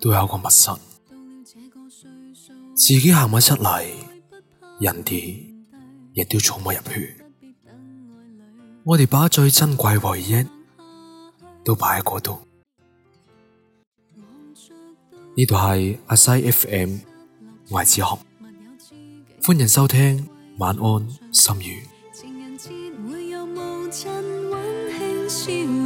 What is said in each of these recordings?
都有一個密室，自己行唔出嚟，人哋亦都坐唔入去。我哋把最珍貴回憶都擺喺嗰度。呢度係阿西 FM 我係子宏，歡迎收聽晚安心語。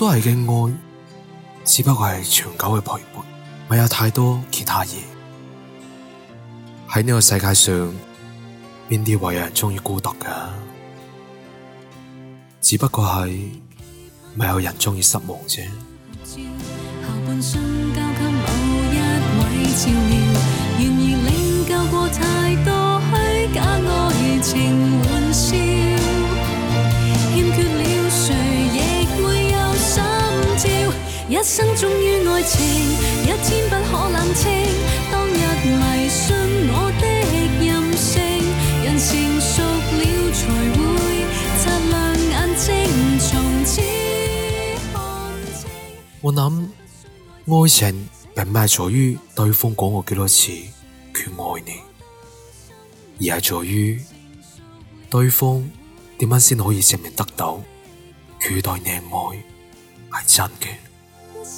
都係嘅愛，只不過係長久嘅陪伴，唔係有太多其他嘢。喺呢個世界上，邊啲會有人鍾意孤獨噶？只不過係，唔係有人鍾意失望啫。一生忠於愛情，一天不可冷清，當日迷信我的任性，人成熟了才會擦亮眼睛，從此看清。我諗愛情並唔係在於對方講過幾多次佢愛你，而係在於對方點樣先可以證明得到佢對你的愛係真嘅。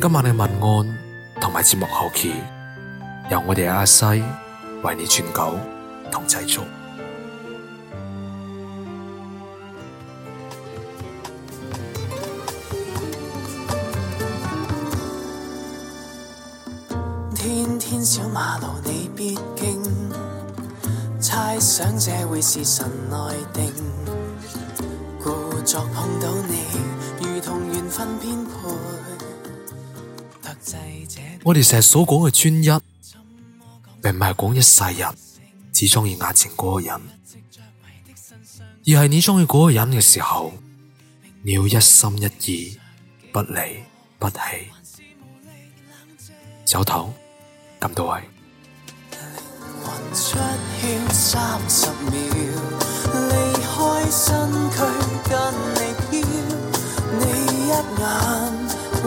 今晚嘅文案同埋節目後期，由我哋阿西為你撰稿同製作。天天小馬路你必經，猜想這會是神內定，故作碰到你，如同緣分編排。我哋成日所講嘅專一，並唔係講一世人只鍾意眼前嗰個人，而係你鍾意嗰個人嘅時候，你要一心一意不離不，不離不棄。早唞，咁多位。